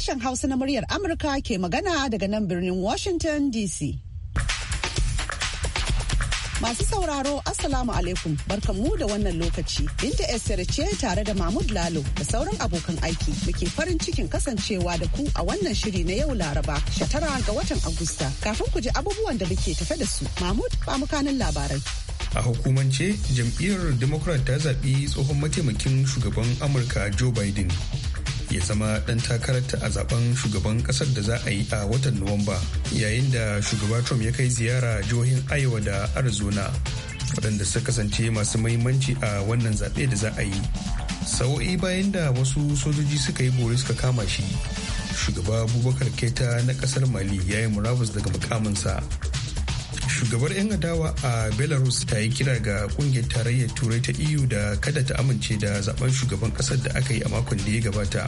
sashen Hausa na muryar Amurka ke magana daga nan birnin Washington DC. Masu sauraro Assalamu alaikum barkanmu da wannan lokaci. Binta Esther ce tare da Mahmud Lalo da sauran abokan aiki muke farin cikin kasancewa da ku a wannan shiri na yau Laraba, shatara ga watan Agusta. Kafin ku ji abubuwan da muke tafe da su, Mahmud ba mukanin labarai. A hukumance, jam'iyyar Democrat ta zaɓi tsohon mataimakin shugaban Amurka Joe Biden. ya zama ɗan takararta a zaben shugaban ƙasar da za a yi a watan Nuwamba yayin da shugaba Trump ya kai ziyara jihohin Iowa da Arizona waɗanda suka kasance masu mahimmanci a wannan zaɓe da za a yi. Sa'o'i bayan da wasu sojoji suka yi bore suka kama shi, shugaba Abubakar Keta na ƙasar Mali ya yi murabus daga mukaminsa. shugabar 'yan adawa a belarus ta yi kira ga kungiyar tarayyar turai ta eu da kada ta amince da zaben shugaban kasar da aka yi a makon da ya gabata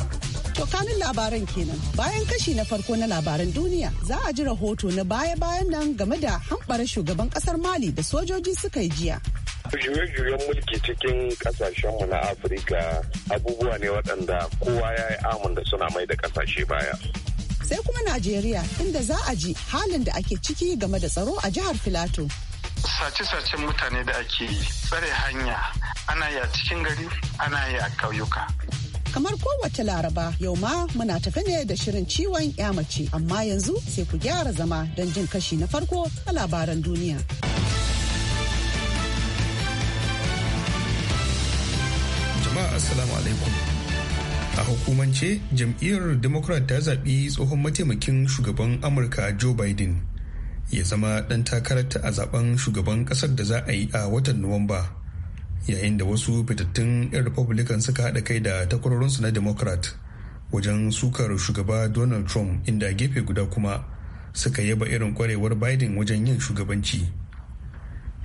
to kanin labaran kenan bayan kashi na farko na labaran duniya za a ji rahoto na baya-bayan nan game da hamɓarar shugaban kasar mali da sojoji suka yi jiya juye-juyen mulki cikin kasashenmu na afirka abubuwa ne waɗanda kowa ya yi amun da suna mai da kasashe baya sai kuma Najeriya inda za a ji halin da ake ciki game da tsaro a jihar Filato. Sace-sacen mutane da ake yi tsare hanya ana yi a cikin gari ana yi a ƙauyuka. Kamar kowace laraba yau ma muna tafi ne da shirin ciwon ya mace amma yanzu sai ku gyara zama don jin kashi na farko na labaran duniya. Jama'a Assalamu alaikum. a hukumance jam'iyyar democrat ta zaɓi tsohon mataimakin shugaban amurka joe biden ya zama ɗan takararta a zaben shugaban ƙasar da za a yi a watan nuwamba yayin da wasu fitattun 'yan republican suka haɗa kai da takwarorinsu na democrat wajen sukar shugaba donald trump inda gefe guda kuma suka yaba irin kwarewar biden wajen yin shugabanci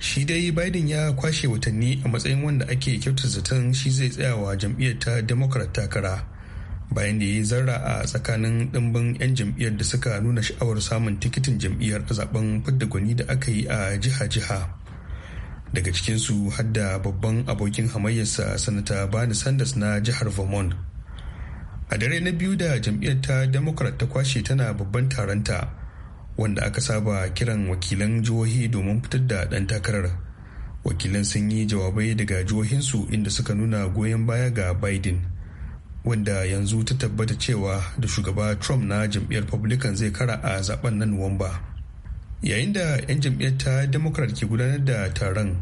shi dai biden ya kwashe watanni a matsayin wanda ake kyauta zaton shi zai tsayawa jam'iyyar ta democrat takara bayan da ya yi zarra a tsakanin ɗimbin 'yan jam'iyyar da suka nuna sha'awar samun tikitin jam'iyyar a zaben fidda gwani da aka yi a jiha-jiha daga cikinsu har da babban abokin hamayyarsa sanata bani sanders na jihar vermont a dare na biyu da jam'iyyar ta democrat ta kwashe tana babban taron ta wanda aka saba kiran wakilan jihohi domin fitar da ɗan takarar wakilan sun yi jawabai daga jihohinsu inda suka nuna goyon baya ga biden wanda yanzu ta tabbata cewa da shugaba trump na jam'iyyar republican zai kara a zaben na nuwamba yayin da 'yan jam'iyyar ta democrat ke gudanar da taron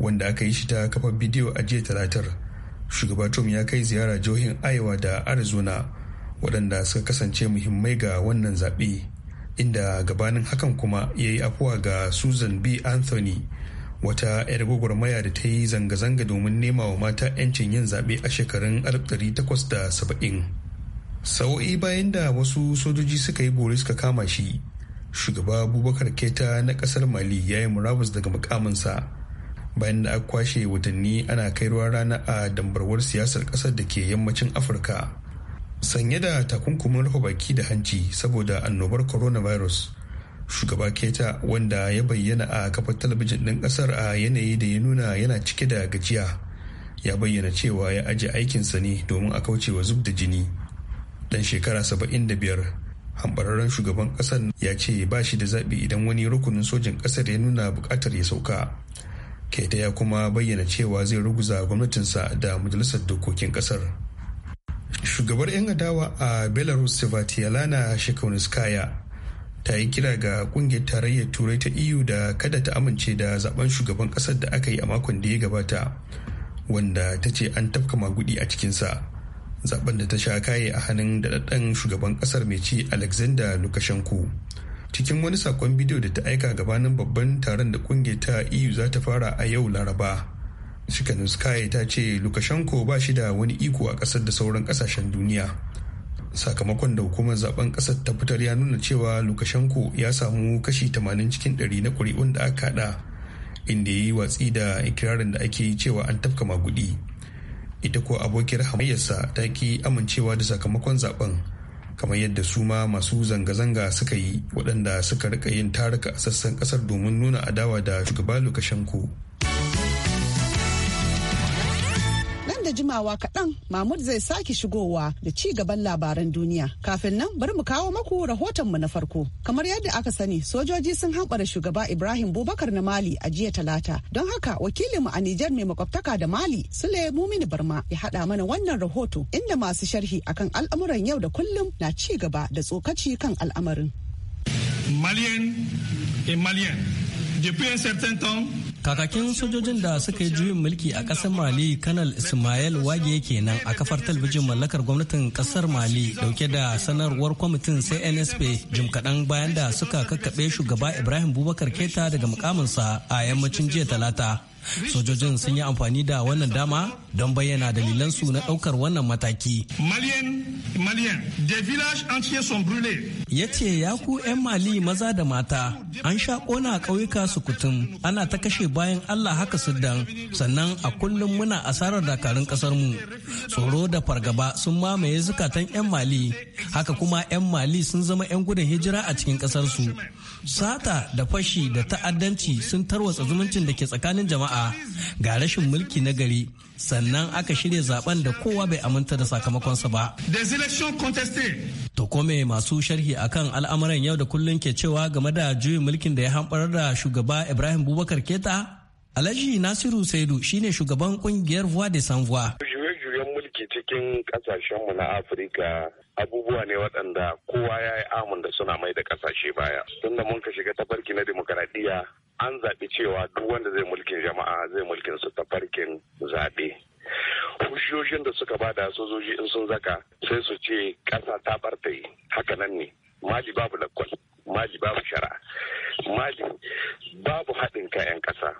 wanda aka yi shi ta kafa bidiyo a jiya talatar shugaba trump ya kai ziyara jihohin iowa da arizona waɗanda suka kasance muhimmai ga wannan zaɓe. inda gabanin hakan kuma ya yi afuwa ga susan b anthony wata 'yar gwagwarmaya da ta yi zanga-zanga domin nema wa mata 'yancin yin zaɓe a shekarun 1870 sa'o'i bayan da wasu sojoji suka yi bori suka kama shi shugaba abubakar keta na ƙasar mali ya yi murabus daga mukaminsa bayan da aka kwashe watanni ana kai ruwa rana a dambarwar siyasar ƙasar da ke yammacin afirka sanye da takunkumin rufe baki da hanci saboda annobar coronavirus shugaba keta wanda ya bayyana a kafar talabijin ɗin ƙasar a yanayi da ya nuna yana cike da gajiya ya bayyana cewa ya aje aikinsa ne domin a kauce wa zub da jini Ɗan shekara saba'in da biyar, hambararren shugaban ƙasar ya ce ba shi da zaɓi idan wani rukunin sojin ƙasar ya nuna buƙatar ya sauka keta ya kuma bayyana cewa zai ruguza gwamnatinsa da majalisar dokokin ƙasar shugabar 'yan adawa a belarus sevatialana shekaunuskaya ta yi kira ga kungiyar tarayyar turai ta eu da kada ta amince da zaben shugaban kasar da aka yi a makon da ya gabata wanda ta ce an tafka magudi a cikinsa zaben da ta sha kaye a hannun daɗaɗɗen shugaban kasar mai ci alexander lukashenko cikin wani sakon bidiyo da ta aika gabanin babban taron da kungiyar ta eu za ta fara a yau laraba Shikanskaya ta ce Lukashenko ba shi da wani iko a ƙasar da sauran ƙasashen duniya. Sakamakon da hukumar zaben ƙasar ta fitar ya nuna cewa Lukashenko ya samu kashi 80 cikin 100 na ƙuri'un da aka haɗa inda ya yi watsi da ikirarin da ake cewa an tafka magudi. Ita ko abokiyar hamayyarsa ta ki amincewa da sakamakon zaben kamar yadda su ma masu zanga-zanga suka yi waɗanda suka rika yin taruka a sassan ƙasar domin nuna adawa da shugaba Lukashenko. jimawa kaɗan Mahmud zai sake shigowa da ci gaban labaran duniya. Kafin nan bari mu kawo maku rahoton mu na farko. Kamar yadda aka sani sojoji sun haɓara shugaba Ibrahim Bubakar na Mali a jiya talata. Don haka wakilinmu a Nijar mai makwabtaka da Mali Sule Mumini Barma ya haɗa mana wannan rahoto inda masu sharhi akan al'amuran yau da kullum na ci gaba da tsokaci kan al'amarin. Malian Kakakin sojojin da suka yi juyin mulki a ƙasar Mali, Kanal Ismail Wage kenan a kafar talabijin mallakar gwamnatin ƙasar Mali dauke da sanarwar kwamitin CNSP jim kaɗan bayan da suka kakkaɓe shugaba Ibrahim Bubakar Keta daga mukaminsa a yammacin jiya talata. sojojin sun yi amfani da wannan dama don bayyana dalilansu na ɗaukar wannan mataki ya ce ya ku 'yan mali maza da mata an sha ƙona ƙauyuka su kutum ana ta kashe bayan allah haka sudan sannan a kullum muna asarar dakarun ƙasarmu tsoro da fargaba sun mamaye zukatan 'yan mali haka kuma 'yan mali sun zama 'yan gudun hijira a cikin ƙasarsu sata da fashi da ta'addanci sun tarwatsa zumuncin da ke tsakanin jama'a jama'a ga rashin mulki na gari sannan aka shirya zaben da kowa bai aminta da sakamakonsa ba. To kome masu sharhi akan al'amuran yau da kullun ke cewa game da juyin mulkin da ya hamɓar da shugaba Ibrahim Bubakar Keta? Alhaji Nasiru Saidu shine shugaban kungiyar Voix de Sans Voix. juyen mulki cikin kasashenmu na Afirka abubuwa ne waɗanda kowa ya yi amun da suna mai da kasashe baya. Tunda mun ka shiga tafarki na demokaradiyya an zaɓi cewa duk wanda zai mulkin jama'a zai mulkin su ta farkin zaɓe hushiyoshin da suka bada sojoji in sun zaka sai su ce ƙasa ta barta yi haka nan ne mali babu lakwal maji babu shari'a maji babu haɗin kayan ƙasa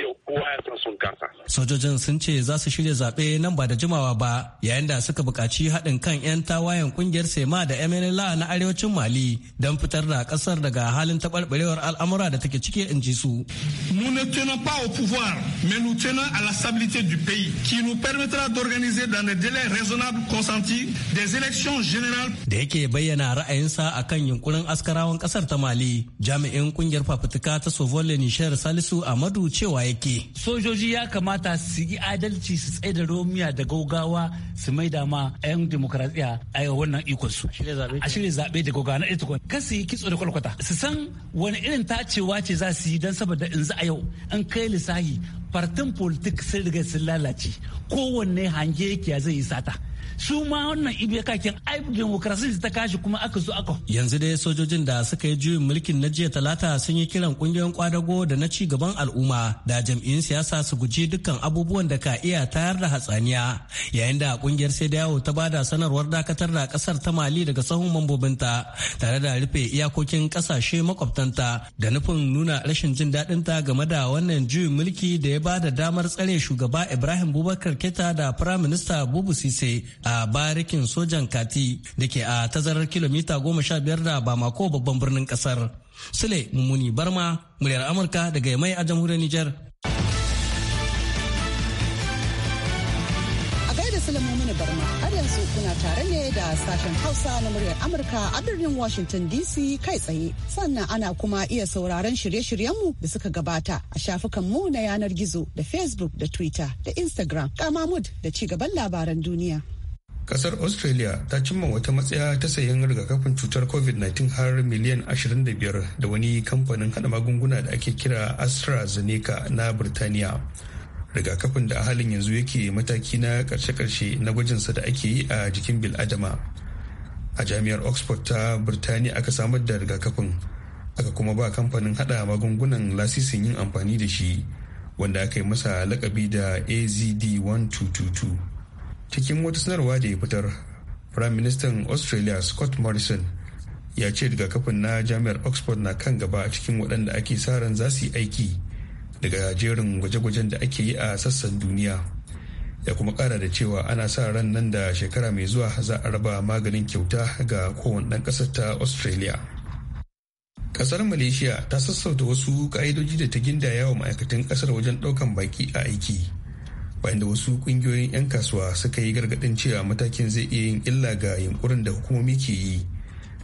yau kowa ya san sun kasa sojojin sun ce za su shirya zaɓe nan ba da jimawa ba yayin da suka buƙaci haɗin kan 'yan tawayen ƙungiyar sema da mnla na arewacin mali don fitar da ƙasar daga halin taɓarɓarewar al'amura da take ciki in ji su nous ne tenons pas au pouvoir mais nous tenons à la stabilité du pays qui nous permettra d'organiser dans des délais raisonnables consentis des élections générales da yake bayyana ra'ayinsa akan yunkurin askarawan kasar ta mali jami'in kungiyar fafutuka ta sovole nishar salisu amadu cewa yake sojoji ya kamata su yi adalci su tsaye da romiya da gaugawa su mai da ma 'yan demokratiya a wannan ikon su a shirya zaɓe da gaugawa na itikon kan su yi kitso da kwalkwata su san wani irin tacewa ce za su yi don saboda in za a yau an kai lissahi partin politik sun riga sun lalace kowanne hange yake zai yi sata su ma wannan ibe kakin ai demokrasi ta kashi kuma aka zo aka yanzu dai sojojin da suka yi juyin mulkin na jiya talata sun yi kiran kungiyoyin kwadago da na ci gaban al'umma da jam'iyyun siyasa su guji dukkan abubuwan da ka iya tayar da hatsaniya yayin da kungiyar sai da yawo ta bada sanarwar dakatar da kasar ta mali daga sahun mambobinta tare da rufe iyakokin kasashe makwabtanta da nufin nuna rashin jin daɗinta game da wannan juyin mulki da ya bada damar tsare shugaba ibrahim bubakar keta da prime minister bubu sise a barikin sojan kati da ke a tazarar kilomita goma sha biyar da bamako babban birnin kasar sule mummuni barma muryar amurka daga yamai a jamhuriyar niger Sulemani Barma har yanzu kuna tare ne da sashen Hausa na muryar Amurka a birnin Washington DC kai tsaye. Sannan ana kuma iya sauraron shirye-shiryenmu da suka gabata a shafukan mu na yanar gizo da Facebook da Twitter da Instagram. mud da ci gaban labaran duniya. kasar australia ta cimma wata matsaya ta sayan rigakafin cutar covid-19 har miliyan 25 da wani kamfanin hada magunguna da ake kira astrazeneca na birtaniya rigakafin da a halin yanzu yake mataki na karshe-karshe na gwajinsa da ake yi a jikin bil adama a jami'ar oxford ta birtaniya aka samar da rigakafin aka kuma ba kamfanin hada magungunan lasisin yin amfani da shi wanda aka yi masa lakabi da azd 1222 cikin wata sanarwa da ya fitar prime minister australia scott morrison ya ce daga kafin na jami'ar oxford na kan gaba a cikin waɗanda ake sa ran za su yi aiki daga jerin gwaje-gwajen da ake yi a sassan duniya ya kuma ƙara da cewa ana sa ran nan da shekara mai zuwa za a raba maganin kyauta ga kowane ɗan ƙasar ta australia ƙasar malaysia ta sassauta wasu ka'idoji da ta gindaya wa ma'aikatan ƙasar wajen ɗaukan baki a aiki bayan da wasu kungiyoyin 'yan kasuwa suka yi gargaɗin cewa matakin zai iya yin illa ga yunkurin da hukumomi ke yi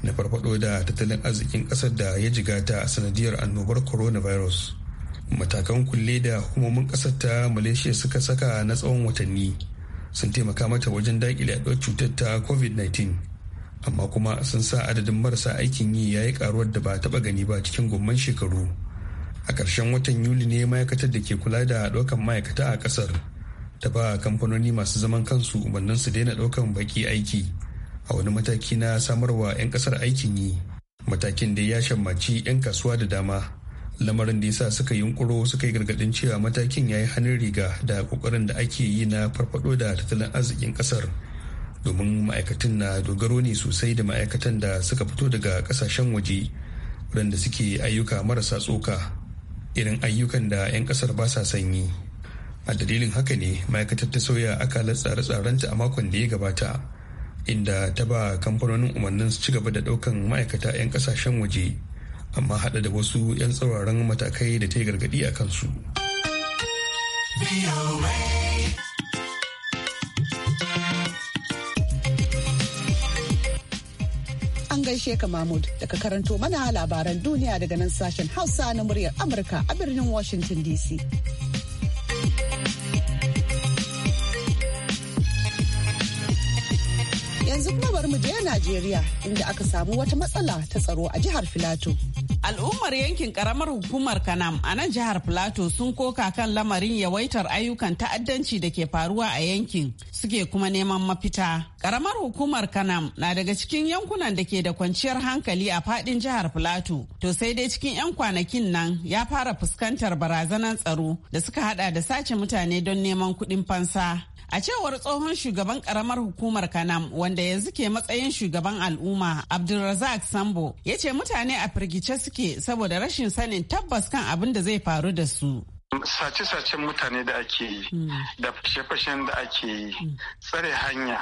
na farfado da tattalin arzikin ƙasar da ya jigata a sanadiyar annobar coronavirus matakan kulle da hukumomin ƙasar ta malaysia suka saka na tsawon watanni sun taimaka mata wajen daƙile yaɗuwar cutar ta covid-19 amma kuma sun sa adadin marasa aikin yi ya yi karuwar da ba taɓa gani ba cikin gomman shekaru a ƙarshen watan yuli ne ma'aikatar da ke kula da ɗaukan ma'aikata a ƙasar da ba kamfanoni masu zaman kansu umarnin su daina ɗaukan baki aiki a wani mataki na samarwa 'yan ƙasar aikin yi matakin da ya shammaci 'yan kasuwa da dama lamarin da yasa suka yunkuro suka yi gargadin cewa matakin ya yi hannun riga da kokarin da ake yi na farfaɗo da tattalin arzikin ƙasar domin ma'aikatan na dogaro ne sosai da ma'aikatan da suka fito daga ƙasashen waje waɗanda suke ayyuka marasa tsoka irin ayyukan da 'yan ƙasar ba sa sanyi a dalilin haka ne ma'aikatar ta sauya akalar tsare-tsarenta a makon da ya gabata inda ta ba kamfanonin umarnin su ci gaba da daukan ma'aikata 'yan kasashen waje amma hada da wasu 'yan tsauraran matakai da ta yi gargadi a kansu an gaishe ka mahmud daga karanto mana labaran duniya daga nan sashen hausa na muryar amurka a birnin washington dc Yanzu kuma bari mu je Najeriya inda aka samu wata matsala ta tsaro a jihar Filato. Al'ummar yankin karamar hukumar Kanam a nan jihar Filato sun koka kan lamarin yawaitar ayyukan ta'addanci da ke faruwa a yankin suke kuma neman mafita. Karamar hukumar Kanam na daga cikin yankunan da ke da kwanciyar hankali a fadin jihar Filato. To sai dai cikin 'yan kwanakin nan ya fara fuskantar barazanar tsaro da suka hada da sace mutane don neman kuɗin fansa. A cewar tsohon shugaban karamar hukumar Kanam wanda yanzu ke matsayin shugaban al'umma Abdulrazak Sambo ya ce mutane a firgice suke saboda rashin sanin tabbas kan abin da zai faru da su. sace-sacen mutane da ake yi hmm. da fashe-fashen da ake yi hmm. tsare hanya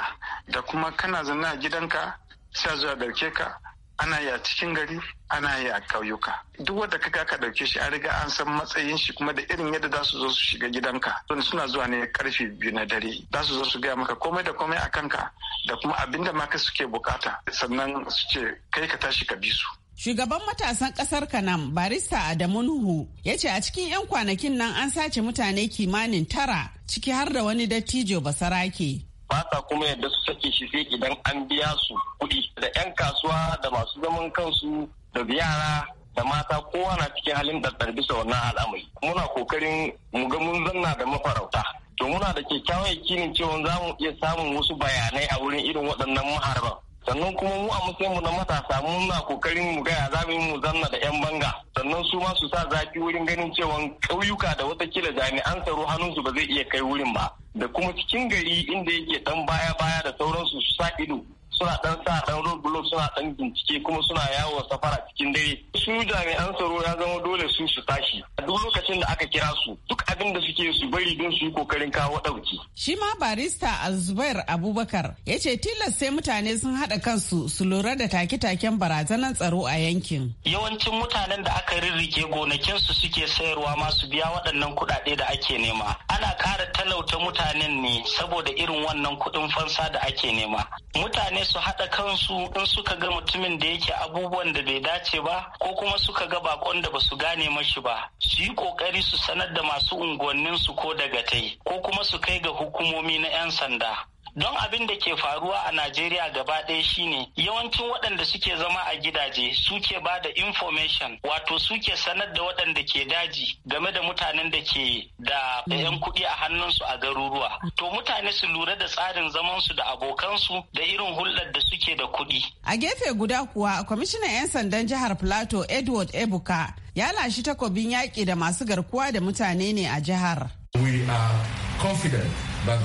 da kuma kana zana gidanka sai zuwa ɗauke ka ana yi a cikin gari ana yi a ƙauyuka duk wanda ka ka ɗauke shi a riga an san matsayin shi kuma da irin yadda za su zo su shiga gidanka don suna zuwa ne karfe biyu na dare za su zo su gaya maka komai da komai a kanka da kuma abin da maka suke bukata sannan su ce kai ka tashi ka bi su Shugaban matasan kasar Kanam, barista Adamu Nuhu, ya ce a cikin 'yan kwanakin nan an sace mutane kimanin tara ciki har da wani dattijo basarake. ba kuma yadda su sake shi sai idan an biya su kuɗi da 'yan kasuwa da masu zaman kansu da yara da mata kowa na cikin halin ɗarɗar bisa wannan al'amari muna kokarin mu ga mun zanna da mafarauta to muna da kyakkyawan yakinin cewa za mu iya samun wasu bayanai a wurin irin waɗannan maharban sannan kuma mu a matsayin mu na matasa muna kokarin mu gaya za mu yi mu zanna da yan banga sannan su ma su sa zafi wurin ganin cewa ƙauyuka da watakila jami'an tsaro hannunsu ba zai iya kai wurin ba da kuma cikin gari inda yake dan baya baya da sauransu su sa ido suna dan sa dan roadblock suna dan bincike kuma suna yawo safara cikin dare su jami'an tsaro ya zama dole su su tashi a duk lokacin da aka kira su duk abin da suke su bari don su yi kokarin kawo dauki shi ma barista Azubair Abubakar yace tilas sai mutane sun hada kansu su lura da take-taken barazanar tsaro a yankin yawancin mutanen da aka rirrike gonakin su suke sayarwa masu biya waɗannan kuɗaɗe da ake nema ana ƙara talauta mutanen ne saboda irin wannan kuɗin fansa da ake nema mutane su haɗa kansu in suka ga mutumin da yake abubuwan da bai dace ba ko kuma suka ga bakon da ba su gane mashi ba su yi ƙoƙari su sanar da masu unguwanninsu ko ko tai ko kuma su kai ga hukumomi na 'yan sanda don abin da ke faruwa a Najeriya gaba ɗaya shine yawancin waɗanda suke zama a gidaje suke ba da information wato suke sanar da waɗanda ke daji game da mutanen da ke da mm. 'yan kuɗi a hannunsu a garuruwa to mutane su lura da tsarin zamansu da abokansu da irin hulɗar da suke da kuɗi. A gefe guda kuwa kwamishinan 'yan sandan jihar plato Edward Ebuka ya lashi takobin yaƙi da masu garkuwa da mutane ne a jihar. We are confident that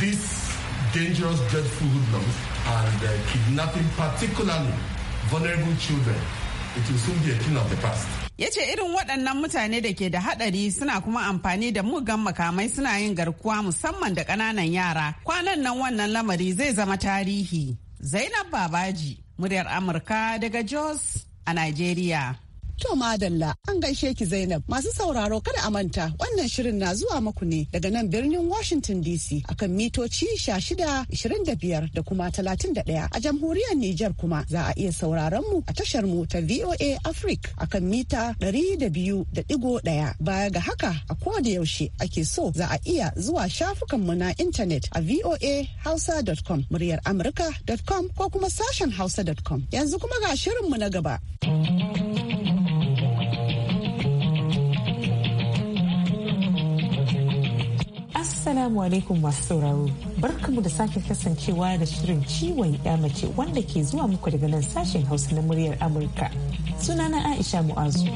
this dangerous, dreadful hoodlums and uh, kidnapping, particularly vulnerable children. It will soon be a thing of the past. ya ce irin waɗannan mutane da ke da haɗari suna kuma amfani da mugan makamai suna yin garkuwa musamman da ƙananan yara kwanan nan wannan lamari zai zama tarihi zainab babaji muryar amurka daga jos a nigeria To madalla an gaishe ki Zainab masu sauraro kada a manta wannan shirin na zuwa muku ne daga nan birnin Washington DC akan mitoci 1625 da kuma 31 a jamhuriyar Nijar kuma za a iya sauraron mu a tashar mu ta VOA Africa akan mita 200.1 baya ga haka a koda yaushe ake so za a iya zuwa shafukan mu na intanet a voahausa.com muryar amurka.com ko kuma sashen hausa.com yanzu kuma ga shirin mu na gaba. Assalamu alaikum masu sauraro. Barkamu da sake kasancewa da shirin ciwon ya mace wanda ke zuwa muku daga nan sashen Hausa na muryar Amurka. Sunana Aisha Mu'azu.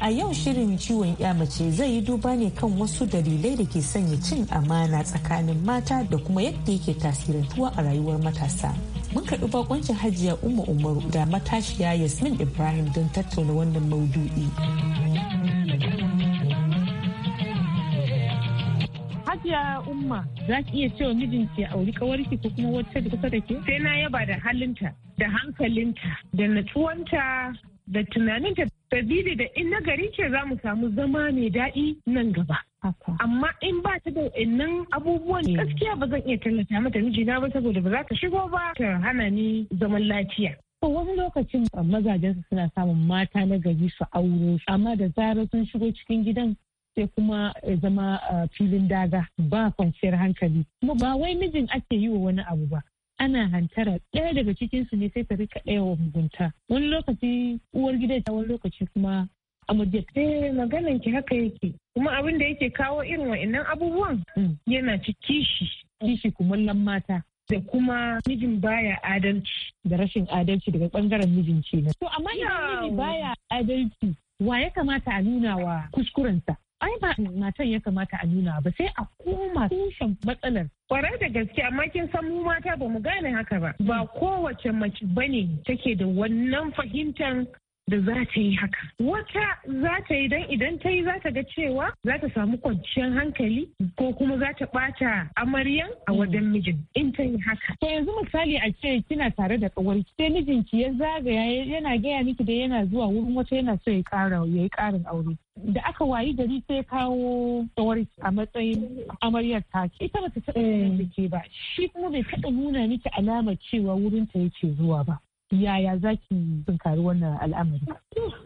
A yau shirin ciwon ya mace zai yi duba ne kan wasu dalilai da ke sanya cin amana tsakanin mata da kuma yadda yake tasirantuwa a rayuwar matasa. mun karɓi bakoncin hajiya umma umaru da matashiya yasmin ibrahim don tattauna wannan maudu'i hajiya umma za ki iya cewa mijinki ya auri kawarki ko kuma wata da kusa da ke sai na yaba da halinta da hankalinta da natsuwanta da tunaninta sabili da in na gari ke za mu samu zama mai daɗi nan gaba amma in ba ta da wa'annan abubuwan eh. gaskiya ba zan iya tallata mata mijina ba saboda ba za ta shigo ba ta hana ni zaman lafiya wani lokacin mazajen su suna samun mata na gari su auro amma da zarar sun shigo cikin gidan sai kuma zama filin daga ba kwanciyar hankali kuma ba wai mijin ake yi wa wani abu ba ana hantara ɗaya daga cikinsu ne sai ta rika ɗaya wa mugunta wani lokaci uwar gida ta wani lokaci kuma a mujette maganan ki haka yake kuma abin da yake kawo irin wa'annan abubuwan mm. yana ci kishi kishi kumallon mata da kuma mijin baya adalci da rashin adalci daga bangaren mijin kenan to amma idan miji baya adalci wa ya kamata a nuna wa kuskurensa ai ba matan ya kamata a nuna ba sai a koma tushen matsalar kwarai da gaske amma kin san mu mata bamu gane haka ba ba mm. kowace mace bane take da wannan fahimtar da za ta yi haka. Wata za ta yi don idan ta yi za ta ga cewa za ta samu kwanciyar hankali ko kuma za ta ɓata amaryan a hmm. wajen mijin in ta yi haka. To yanzu misali a ce kina tare da kawarki sai mijinki ya zagaya yana gaya miki da yana zuwa wurin wata yana so ya ƙara ya yi ƙarin aure. da aka wayi gari sai kawo tsawar a matsayin amaryar ta ke. ita ba ta taɓa eh. nuna ba shi kuma bai taɓa nuna miki alamar cewa wurinta ta yake zuwa ba yaya za ki tunkari wannan al'amari?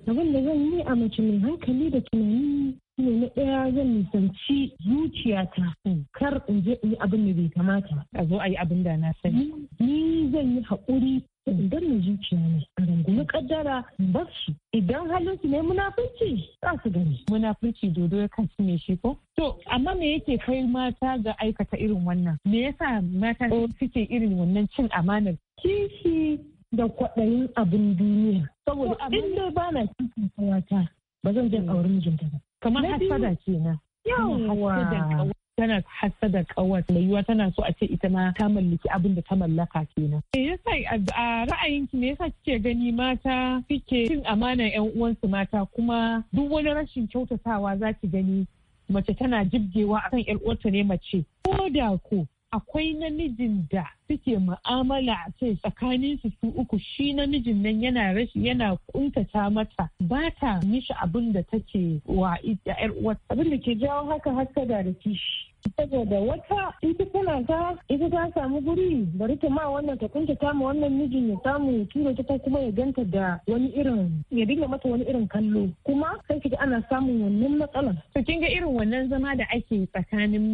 Abin da zan yi a mace mai hankali da tunani shine na ɗaya zan nisanci zuciyata kar in je in yi abin da bai kamata. A zo a yi abin da na sani. Ni zan yi haƙuri idan na zuciya ne a rungumi kaddara bar shi idan halin su ne munafurci za su gani. Munafurci dodo ya kan ne shi ko? To amma me yake kai mata ga aikata irin wannan? Me yasa mata oh. suke irin wannan cin amanar? Kishi da kwaɗayin abin duniya. Saboda abin da ba na cikin kawata ba zan jan mm. aure mijinta ba. Kamar hasada ce na. Yawwa. tana hasada kawar mai yiwuwa tana so a ce ita ma ta mallaki abin da ta mallaka kenan. Me yasa a ra'ayinki me yasa kike gani mata suke cin amana yan uwansu mata kuma duk wani rashin kyautatawa za ki gani mace tana jibgewa akan yan uwarta ne mace. Ko da ko akwai namijin da suke mu'amala a ce tsakanin su su uku shi namijin nan yana rashi yana kuntata mata ba ta mishi abin da take wa yar uwa abin da ke jawo haka haska da kishi saboda wata ita tana ta ita ta samu guri bari ta ma wannan ta kunta ta ma wannan mijin ya samu tura ta ko kuma ya ganta da wani irin ya dinga mata wani irin kallo kuma sai kiga ana samun wannan matsalar. to kin ga irin wannan zama da ake tsakanin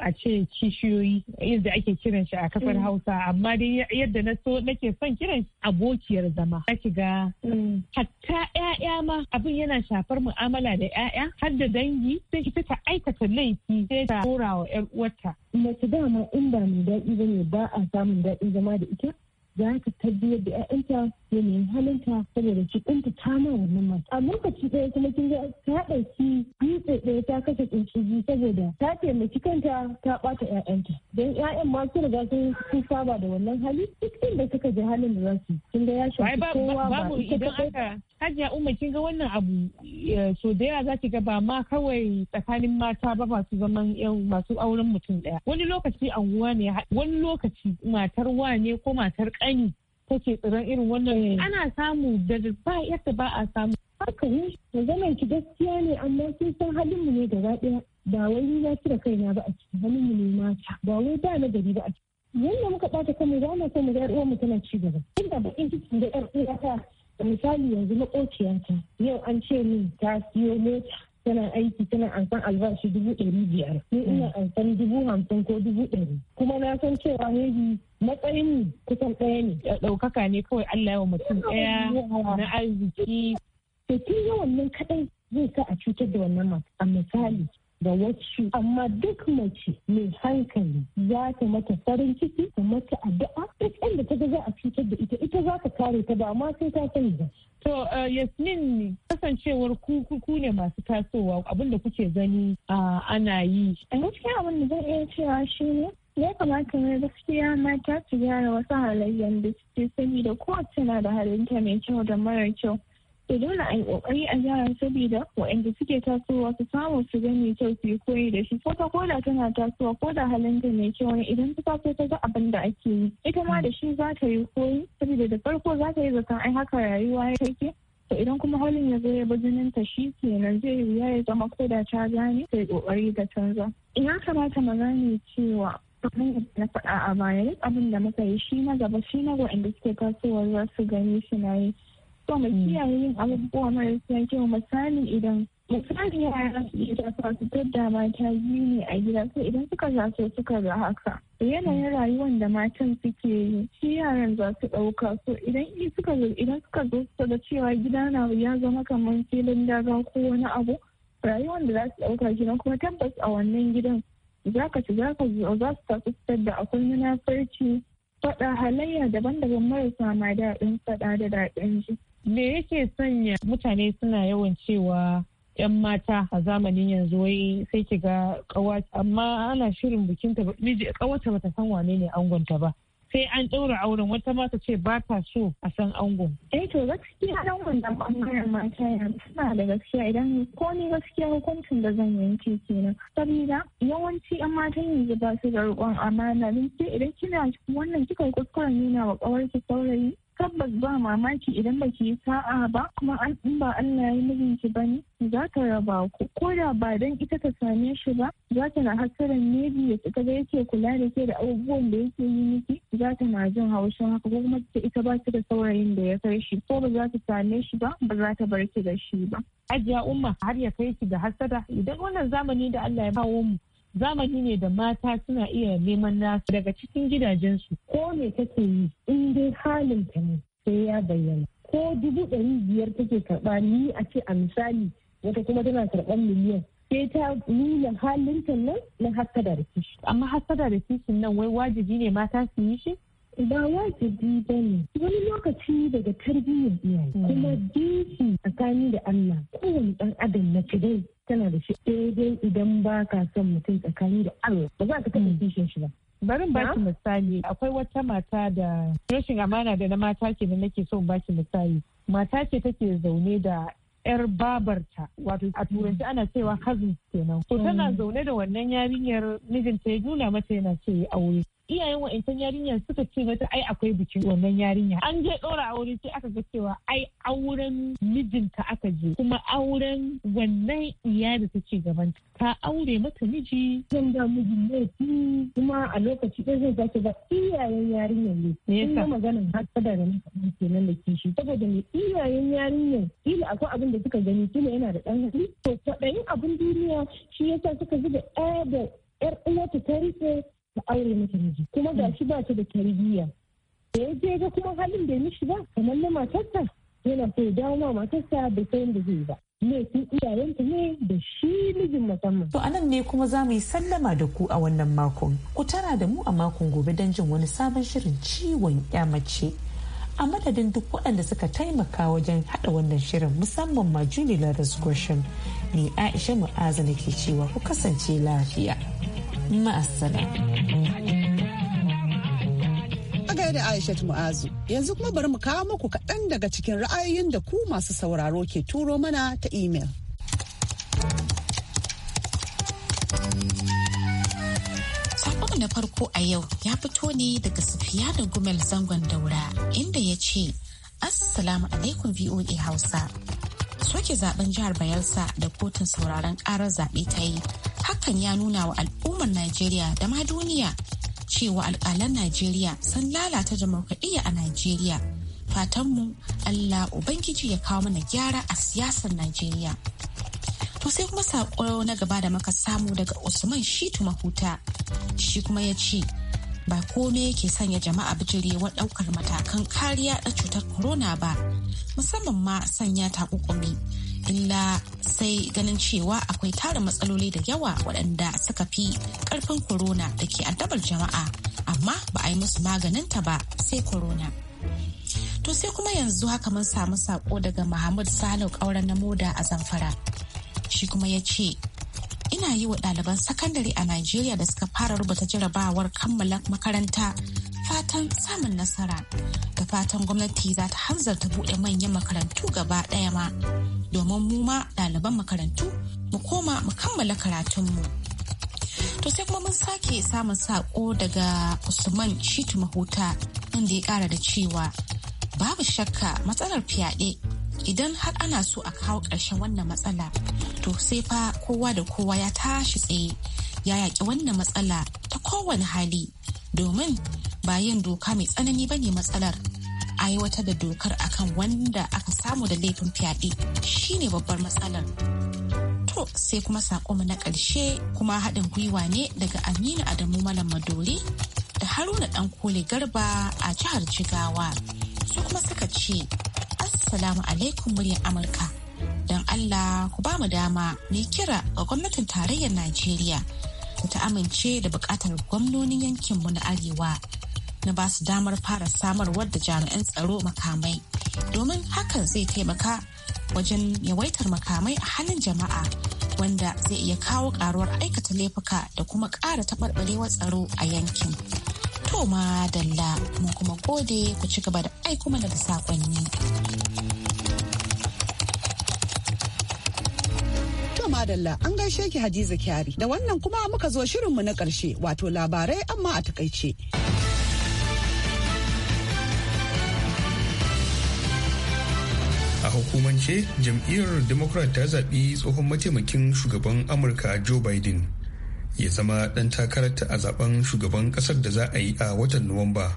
a ce kishiyoyi yadda ake kiran shi a kafar mm. Hausa amma dai yadda na so nake son kiran abokiyar zama ki ga mm. hatta ƴaƴa ma abin yana shafar mu'amala da ƴaƴa har da dangi sai ki ta aikata laifi sai ta ɗora wa 'yar uwarta. Mace dama in ba mai daɗi ba ne ba a samun daɗin zama da ita za ta tabbiyar da 'ya'yanta yanayin halinta saboda cikinta ta ma wannan masu. A lokaci ɗaya kuma kin ga ta ɗauki dutse ɗaya ta kashe tsuntsuji saboda ta taimaki kanta ta ɓata 'ya'yanta. Don 'ya'yan ma su riga sun saba da wannan hali duk inda suka je halin da za su kin ga ya shafi kowa ba ita ta Hajiya Umar kin ga wannan abu so da yawa za ki ga ba ma kawai tsakanin mata ba masu zaman yan masu auren mutum ɗaya. Wani lokaci anguwa ne wani lokaci matar wa ne ko matar Ani take tsiron irin wannan ana samu da ba yadda ba a samu haka ne zama ki gaskiya ne amma sun san halin mu ne da daya ba wai na cire kaina ba a ciki halin mu ne mata ba wai ba na gari ba a cikin yanda muka bata kanmu za mu so mu ga yar uwar mu tana ci gaba inda bakin cikin da yar uwa ta misali yanzu makociyata yau an ce min ta siyo mota tana aiki tana amfan albashi dubu ɗari biyar ne ina mm. amfan dubu hamsin ko dubu ɗari kuma na san cewa maybe matsayin kusan ɗaya ne ɗaukaka ne kawai Allah ya wa mutum ɗaya na arziki Da tun yawan nan kaɗai zai sa a cutar da wannan mata a misali da wasu amma duk mace mai hankali za ta mata farin ciki ta mata addu'a duk inda ta ga za a cutar da ita ita za ta kare ta ba amma sai ta sani ba To eh, yasmin ne kasancewar ku ne masu tasowa abinda kuke gani uh, ana yi. A gaskiya abin da zan iya cewa shi ne ya kamata mai gaskiya mata su gyara wasu halayyar da suke da kowace na da halinta mai kyau da mara kyau. to dole a yi kokari a gyara saboda waɗanda suke tasowa su samu su gani kyau su yi koyi da shi ko ta koda tana tasowa ko da halinta mai kyau ne idan ta taso ta ga abin da ake yi ita ma da shi za ta yi koyi saboda da farko za ta yi zaton ai haka rayuwa ya take to idan kuma halin ya zo ya bi jinin ta shi kenan zai wuya ya zama ko da ta gane ta yi kokari ta canza ina kamata mu gane cewa abin na faɗa a baya abin da muka yi shi na gaba shi na waɗanda suke tasowa za su gani shi na yi so mu kiyaye yin abubuwa marasa kyau misali idan misali yara su yi sa su tadda mata biyu ne a gida sai idan suka su suka ga haka yanayin rayuwar da matan suke yi shi yaran za su ɗauka so idan suka zo idan suka zo su ga cewa gida na ya zama kamar filin daga ko wani abu rayuwar da za su ɗauka gida kuma tabbas a wannan gidan za ka ci za ka zo za su tafi fitar da akwai munafarci faɗa halayya daban-daban marasa ma daɗin faɗa da daɗin ji me yake sanya mutane suna yawan cewa 'yan mata a zamanin yanzu wai sai ki ga kawata amma ana shirin bikin ta miji kawata bata san wane ne angonta ba sai an ɗaura auren wata mata ce ba ta so a san angon. Eh to gaskiya dan wannan bangaren mata yanzu suna da gaskiya idan ko ni gaskiya hukuncin da zan yanke kenan. Sabida yawanci yan matan yanzu ba su da rikon amana don ke idan kina wannan kika kuskuren nuna wa ƙawarki saurayi tabbas ba mamaki idan ba ke yi sa'a ba kuma in ba Allah ya yi mijinki ba ne za ta raba ku ko da ba dan ita ta same shi ba za ta na hasaran biyu da ta ga yake kula da ke da abubuwan da yake yi miki za ta na jin haushin haka ko kuma ta ita ba ta da saurayin da ya kai shi ko ba za ta same shi ba ba za ta bar ki da shi ba. Ajiya umma har ya kai ki ga hasada idan wannan zamani da Allah ya kawo mu zamani ne da mata suna iya neman nasu daga cikin gidajensu ko me take yi in dai halin ta ne sai ya bayyana ko dubu ɗari biyar take karɓa ni a ce a misali wata kuma tana karɓar miliyan sai ta nuna halinta nan na hasa da kishi. Amma hasa da kishin nan wai wajibi ne mata su yi shi? Ba wajibi ba ne. Wani lokaci daga tarbiyyar iyaye hmm. kuma dinki tsakani da Allah kowane ɗan adam na dai tana da shi daidai eh, idan ba ka son mutum tsakani da Allah ba za ka taɓa mm. kishin shi ba. Barin baki misali akwai wata mata da rashin amana da na mata ke da nake so baki misali. Mata ce take zaune da yar babarta wato a turanci ana cewa cousin kenan. To tana mm. zaune da wannan yarinyar mijinta ya nuna mata yana ce aure. iyayen wa'ancan yarinyar suka ce mata ai akwai bikin wannan yarinya an je ɗora aure sai aka ga cewa ai auren mijinta aka je kuma auren wannan iya da ta ce gaban ta aure mata miji zan ga mijin ne? kuma a lokaci ɗaya zai zaki ga iyayen yarinyar ne me yasa maganin har da ne kenan da kishi saboda me iyayen yarinyar kila akwai abin da suka gani kuma yana da ɗan hali to kwaɗayin abin duniya shi yasa suka zuba ɗaya da yar uwata ta rike ta aure mata miji kuma hmm. ga shi ba ta da tarbiyya da ya je ga kuma halin da mishi ba kamar na matarsa yana so ya dawo ma matarsa da sayan da zai ba sun iyayenta ne da shi mijin musamman. To anan ne kuma za mu yi sallama da ku a wannan makon. Ku tara da mu a makon gobe don jin wani sabon shirin ciwon ya mace. A madadin duk waɗanda suka taimaka wajen haɗa wannan shirin musamman ma Julie Ladas Gresham ne Aisha Mu'azu ke cewa ku kasance lafiya. ma'asala. kai da Aishat Mu'azu. Yanzu kuma bari mu kawo muku kaɗan daga cikin ra'ayoyin da ku masu sauraro ke turo mana ta imel. Saƙon na farko a yau ya fito ne daga Sufiya da Gumel zangon daura inda ya ce, Assalamu alaikum VOA Hausa. Soke zaben jihar Bayelsa da kotun sauraron ƙarar zaɓe ta yi hakan ya nuna wa al'umma al'ummar Najeriya da ma duniya cewa alƙalan Najeriya sun lalata demokradiyya a Najeriya. Fatanmu Allah Ubangiji ya kawo mana gyara a siyasar Najeriya. To sai kuma saƙo na gaba da muka samu daga Usman Shitu Mahuta. Shi kuma ya ce, ba kome ke sanya jama'a wa ɗaukar matakan kariya da cutar corona ba, musamman ma sanya takunkumi illa sai ganin cewa akwai tara matsaloli da yawa waɗanda suka fi ƙarfin corona da ke addabar jama'a amma ba a yi musu maganin ta ba sai corona to sai kuma yanzu haka mun samu saƙo daga Muhammad Salo ƙauren na moda a zamfara shi kuma ya ce ina yi wa ɗaliban sakandare a Najeriya da suka fara rubuta jarabawar kammala makaranta fatan samun nasara da fatan gwamnati za ta hanzarta buɗe manyan makarantu gaba ɗaya ma domin mu ma ɗaliban makarantu mu koma mu kammala karatunmu. To sai kuma mun sake samun saƙo daga Usman Shitu Mahuta inda ya ƙara da cewa babu shakka matsalar fyaɗe idan har ana so a kawo ƙarshen wannan matsala to sai fa kowa da kowa ya tashi tsaye ya yaƙi wannan matsala ta kowane hali domin ba yin doka mai tsanani ba ne matsalar aiwatar da dokar akan wanda aka samu da laifin fyaɗe shine babbar matsalar to sai kuma mu na ƙarshe kuma haɗin gwiwa ne daga aminu adamu malam madori da haruna ɗan kole garba a jihar jigawa su kuma suka ce Assalamu alaikum muryar Amurka. Don Allah ku ba mu dama mai kira ga gwamnatin tarayyar Najeriya da ta amince da bukatar gwamnonin yankinmu na Arewa na ba su damar fara samarwar da jami'an tsaro makamai domin hakan zai taimaka wajen yawaitar makamai a halin jama'a wanda zai iya kawo karuwar aikata laifuka da kuma ƙara taɓarɓarewar tsaro a yankin. To ma dalla mu kuma gode ku ci gaba da aiko mana da sakonni. madalla an gaishe ki Hadiza Kyari da wannan kuma muka zo shirin mu na ƙarshe wato labarai amma a takaice. a hukumance jam'iyyar democrat ta zaɓi tsohon mataimakin shugaban amurka joe biden ya zama ɗan takararta a zaben shugaban ƙasar da za a yi a watan nuwamba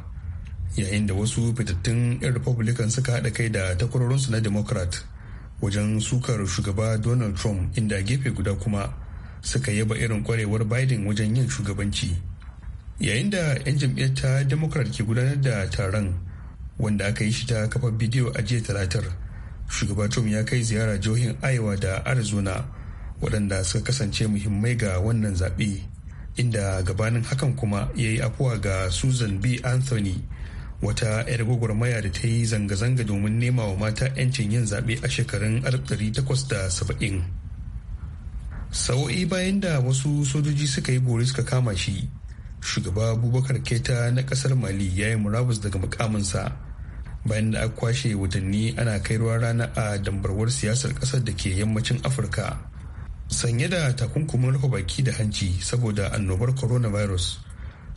yayin da wasu fitattun 'yan republican suka haɗa kai da takwarorinsu na democrat wajen sukar shugaba donald trump inda gefe guda kuma suka yaba irin kwarewar biden wajen yin shugabanci yayin da 'yan jam'iyyar ta democrat ke gudanar da taron wanda aka yi shi ta kafar bidiyo a jiya talatar shugaba trump ya kai ziyara jihohin iowa da arizona waɗanda suka kasance muhimmai ga wannan zaɓe inda gabanin hakan kuma ya yi afuwa ga susan b anthony wata 'yar gwagwarmaya da ta yi zanga-zanga domin nema wa mata 'yancin yin zaɓe a shekarun 1870 sa'o'i bayan da wasu sojoji suka yi bori suka kama shi shugaba abubakar keta na kasar mali ya yi murabus daga mukaminsa bayan da aka kwashe watanni ana kai ruwa rana a dambarwar siyasar kasar da ke yammacin afirka sanye da takunkumin rufe baki da hanci saboda annobar coronavirus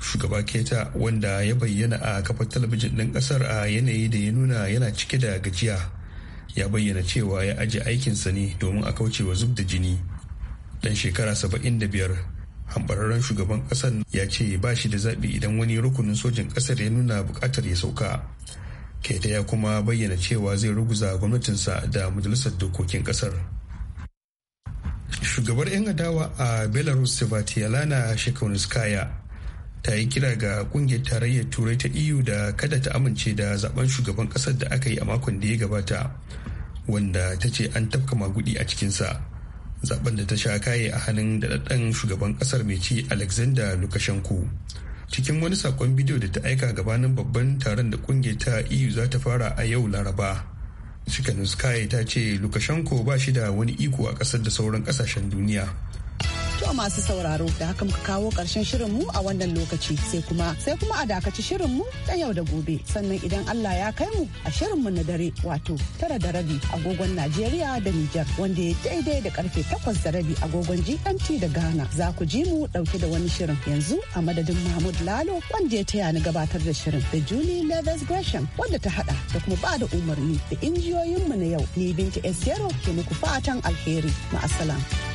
shugaba keta wanda ya bayyana a kafar talabijin ɗin ƙasar a yanayi da ya nuna yana cike da gajiya ya bayyana cewa ya ajiye aikinsa ne domin a kauce wa zub da jini Ɗan shekara saba'in da biyar, hambararren shugaban ƙasar ya ce ba shi da zaɓi idan wani rukunin sojin ƙasar ya nuna buƙatar ya sauka keta ya kuma bayyana cewa zai ruguza gwamnatinsa da majalisar dokokin ƙasar shugabar 'yan adawa a belarus shekaru shekaunuskaya ta yi kira ga kungiyar tarayyar turai ta eu da kada ta amince da zaben shugaban kasar da aka yi a makon da ya gabata wanda ta ce an tafka magudi a cikinsa zaben da ta sha kaye a hannun daɗaɗɗen shugaban kasar mai ci alexander lukashenko cikin wani sakon bidiyo da ta aika gabanin babban taron da kungiyar ta eu za ta fara a yau laraba Shikanskaya ta ce Lukashenko ba shi da wani iko a kasar da sauran kasashen duniya. To masu sauraro da haka muka kawo ƙarshen shirinmu a wannan lokaci sai kuma sai kuma a dakaci shirinmu ta yau da gobe sannan idan Allah ya kai mu a shirinmu na dare wato tara da rabi agogon Najeriya da Nijar wanda ya daidai da karfe takwas da rabi agogon GMT da Ghana za ku ji mu dauke da wani shirin yanzu a madadin Mahmud Lalo wanda ya taya ni gabatar da shirin da Julie leves Gresham wanda ta hada da kuma ba da umarni da injiyoyinmu na yau ni Binta Esiero ke muku fatan alheri ma'asalam.